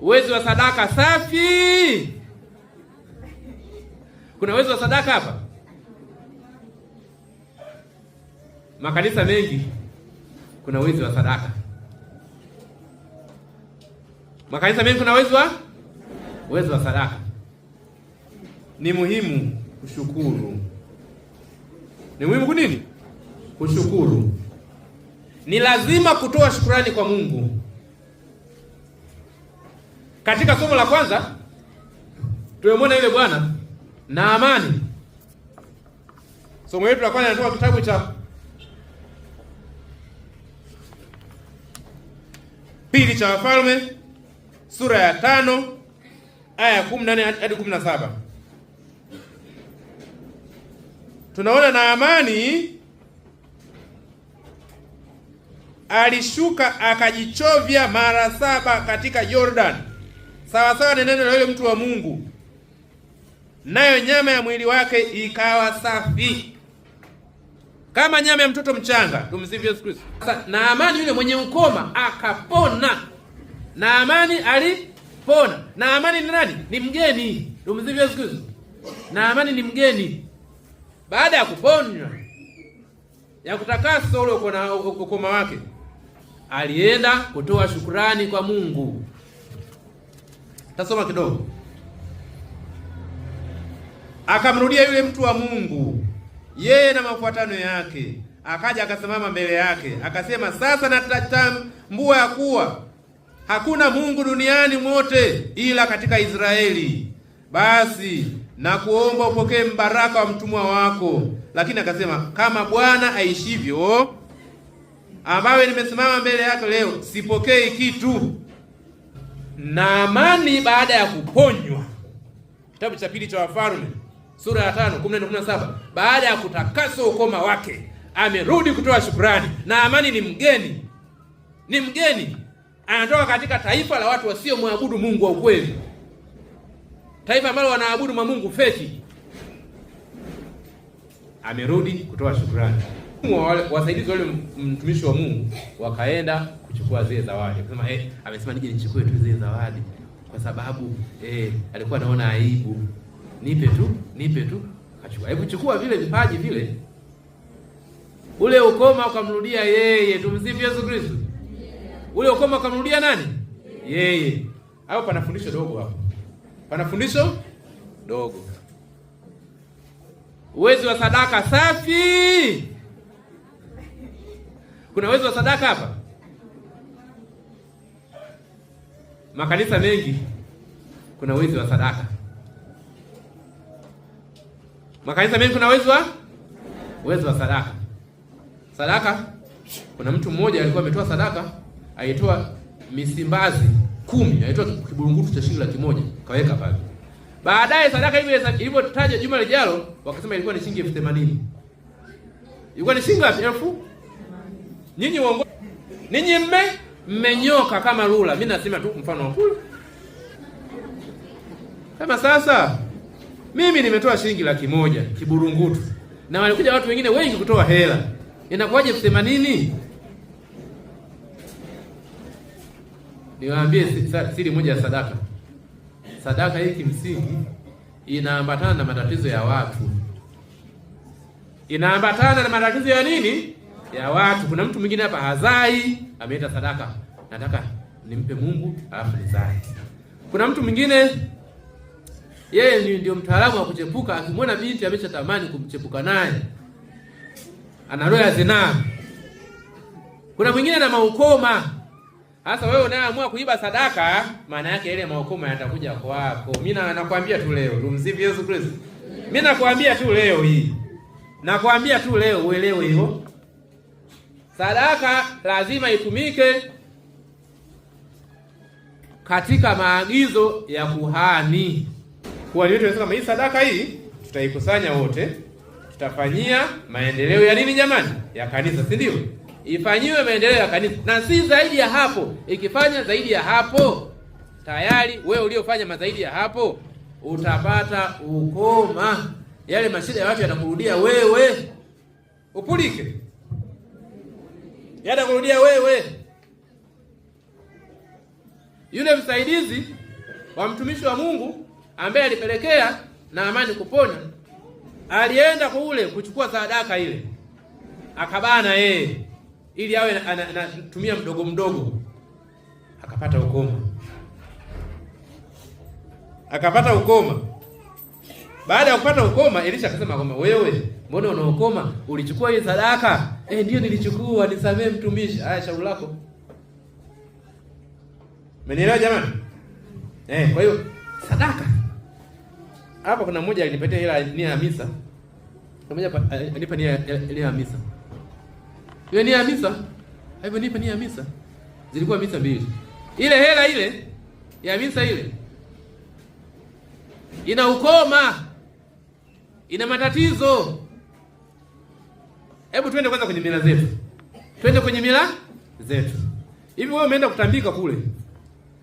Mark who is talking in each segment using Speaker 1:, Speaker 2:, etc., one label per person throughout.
Speaker 1: Uwezi wa sadaka safi. Kuna uwezo wa sadaka hapa? Makanisa mengi kuna uwezi wa sadaka. Makanisa mengi kuna uwezo wa uwezo wa sadaka. Ni muhimu kushukuru. Ni muhimu kunini? Kushukuru. Ni lazima kutoa shukrani kwa Mungu. Katika somo la kwanza tumemwona yule bwana amani. Somo letu la kwanza inatoka kitabu cha pili cha Wafalme sura ya tano aya ya kumi na hadi kumi na saba. Tunaona Naamani alishuka akajichovya mara saba katika Yordani sawasawa na neno la yule mtu wa Mungu, nayo nyama ya mwili wake ikawa safi kama nyama ya mtoto mchanga. Tumsifu Yesu Kristo. Sasa Naamani yule mwenye ukoma akapona. Naamani alipona. Naamani ni nani? Ni mgeni. Tumsifu Yesu Kristo. Naamani ni mgeni, baada ya kuponywa ya kutakaswa ule ukoma wake, alienda kutoa shukurani kwa Mungu. Tasoma kidogo. Akamrudia yule mtu wa Mungu, yeye na mafuatano yake, akaja akasimama mbele yake akasema, sasa natatambua ya kuwa hakuna Mungu duniani mote ila katika Israeli. Basi na kuomba upokee mbaraka wa mtumwa wako. Lakini akasema, kama Bwana aishivyo, ambaye nimesimama mbele yake leo, sipokei kitu na amani baada ya kuponywa. Kitabu cha pili cha Wafalme sura ya 5 17, baada ya kutakaswa ukoma wake amerudi kutoa shukrani, na amani ni mgeni, ni mgeni, anatoka katika taifa la watu wasiomwabudu Mungu wa ukweli, taifa ambalo wanaabudu mamungu feki. Amerudi kutoa shukrani. Wasaidizi wale mtumishi wa Mungu wakaenda kuchukua zile zawadi. Akasema eh, amesema nije nichukue tu zile zawadi kwa sababu eh, alikuwa anaona aibu. Nipe tu, nipe tu. Akachukua. Hebu chukua vile vipaji vile. Ule ukoma ukamrudia yeye, tumsifu Yesu Kristo. Ule ukoma ukamrudia nani? Yeye. Hapo pana fundisho dogo hapo. Pana fundisho dogo. Uwezo wa sadaka safi. Kuna uwezo wa sadaka hapa? makanisa mengi kuna wezi wa sadaka, makanisa mengi kuna wezi wa wezi wa sadaka. Sadaka, kuna mtu mmoja alikuwa ametoa sadaka, aitoa misimbazi kumi, aitoa kiburungutu cha shilingi laki moja kaweka pale. Baadaye sadaka hiyo ilivyotaja juma lijalo, wakasema ilikuwa ni shilingi elfu themanini. Ilikuwa ni shilingi elfu nyinyi uongo, ninyi mme mmenyoka kama lula. Mimi nasema tu mfano wa kula. kama sasa mimi nimetoa shilingi laki moja kiburungutu, na walikuja watu wengine wengi kutoa hela, inakuwaje themanini? Niwaambie siri moja ya sadaka. Sadaka hii kimsingi inaambatana na matatizo ya watu, inaambatana na matatizo ya nini, ya watu. Kuna mtu mwingine hapa hazai ameleta sadaka, nataka nimpe Mungu alafu nizae. Kuna mtu mwingine yeye ndio mtaalamu wa kuchepuka, akimwona binti ameshatamani kumchepuka naye, ana roho ya zinaa. Kuna mwingine na maukoma hasa wewe unayeamua kuiba sadaka, maana yake ile maokoma yatakuja kwako. Mimi nakwambia tu leo, tumsifu Yesu Kristo. Mimi nakwambia tu leo hii, nakwambia tu leo uelewe hilo sadaka lazima itumike katika maagizo ya kuhani. Kwa hiyo tunasema kama hii sadaka hii tutaikusanya wote, tutafanyia maendeleo ya nini jamani? Ya kanisa, si ndio? Ifanyiwe maendeleo ya kanisa na si zaidi ya hapo. Ikifanya zaidi ya hapo, tayari wewe uliofanya mazaidi ya hapo utapata ukoma, yale mashida ya watu yanakurudia wewe, upulike kurudia wewe. Yule msaidizi wa mtumishi wa Mungu ambaye alipelekea na amani kupona, alienda kule kuchukua sadaka ile, akabana yeye ili awe anatumia mdogo mdogo, akapata ukoma, akapata ukoma. Baada ya kupata ukoma, Elisha akasema kwamba wewe, mbona unaokoma? Ulichukua hii sadaka Eh, ndio nilichukua, nisamee mtumishi. Haya, shauri lako. Mmenielewa jamani? Eh, kwa hiyo sadaka. Hapa kuna mmoja alinipatia hela nia ya misa. Mmoja eh, alinipa nia ile ya misa. Ile nia ya misa? Hivyo nipa nia ya misa. Zilikuwa misa mbili. Ile hela ile ya misa ile ina ukoma, ina matatizo Hebu twende kwanza kwenye mila zetu, twende kwenye mila zetu. Hivi wewe umeenda kutambika kule,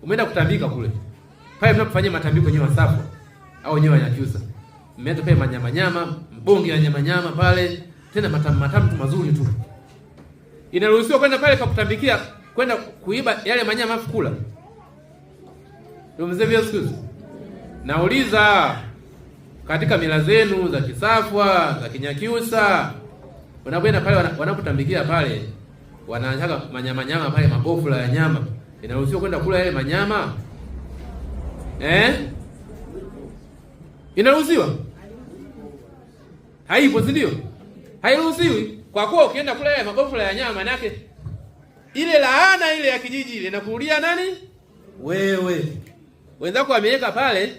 Speaker 1: umeenda kutambika kule pale mnapofanyia matambiko wenyewe Wasafu au wenyewe Wanyakyusa, mmeenda pale manyama nyama, mbonge ya nyama nyama pale, tena matamu matamu tu mazuri tu. Inaruhusiwa kwenda pale kwa kutambikia, kwenda kuiba yale manyama afu kula. Ndio mzee vya siku. Nauliza katika mila zenu za Kisafwa, za Kinyakyusa Wanapoenda pale wanapotambikia pale wanaanzaga manyama nyama pale magofu la nyama. Inaruhusiwa kwenda kula yale manyama? Eh? Inaruhusiwa? Haipo, si ndio? Hairuhusiwi. Kwa kuwa ukienda kula yale magofu la nyama maana ile laana ile ya kijiji ile inakurudia nani? Wewe. Wenzako wameweka pale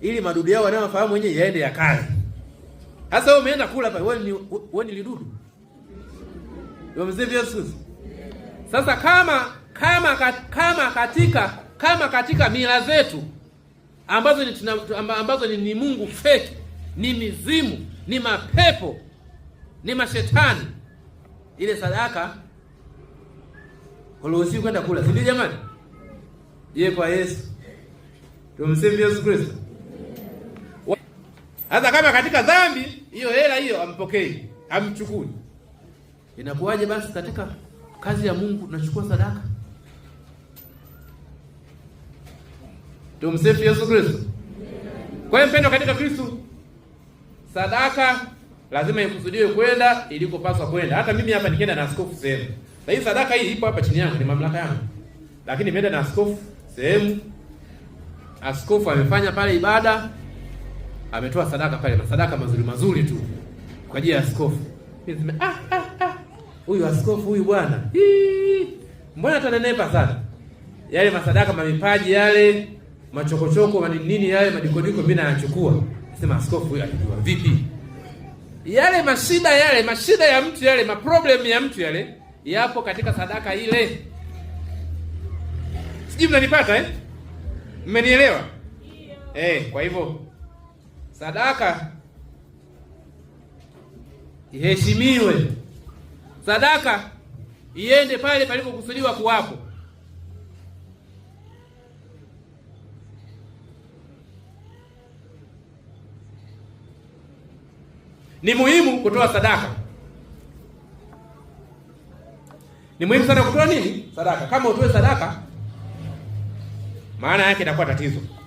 Speaker 1: ili madudu yao wanayofahamu wenyewe yaende yakale. Sasa wewe umeenda kula pale, wewe ni wewe ni lidudu. Umemzivia Yesu. Sasa kama kama kama katika kama katika mila zetu ambazo ni tuna, ambazo ni, ni Mungu feki, ni mizimu, ni mapepo, ni mashetani. Ile sadaka uliruhusiwi kwenda kula, si ndio jamani? Ye kwa Yesu tumsifu Yesu Kristo. Hata kama katika dhambi hiyo hela hiyo ampokei, amchukui. Inakuwaje basi katika kazi ya Mungu tunachukua sadaka? Tumsifu Yesu Kristo. Kwa hiyo mpendo katika Kristo, sadaka lazima ikusudiwe kwenda ilikopaswa kwenda. Hata mimi hapa nikienda na askofu sehemu, na hii sadaka hii ipo hapa chini yangu, ni mamlaka yangu, lakini nimeenda na askofu sehemu, askofu amefanya pale ibada ametoa sadaka pale, sadaka mazuri mazuri tu kwa ajili ya askofu. Nisema ah ah ah, huyu askofu huyu bwana, mbona atanenepa sana? Yale masadaka mamipaji yale machokochoko nini yale madikodiko, mimi nayachukua. Nasema askofu huyu alijua vipi yale mashida yale mashida ya mtu yale maproblemu ya mtu yale yapo katika sadaka ile. Sijui mnanipata eh? Mmenielewa eh? Kwa hivyo sadaka iheshimiwe, sadaka iende pale palipokusudiwa kuwapo. Ni muhimu kutoa sadaka, ni muhimu sana kutoa nini sadaka. Kama utoe sadaka, maana yake inakuwa tatizo.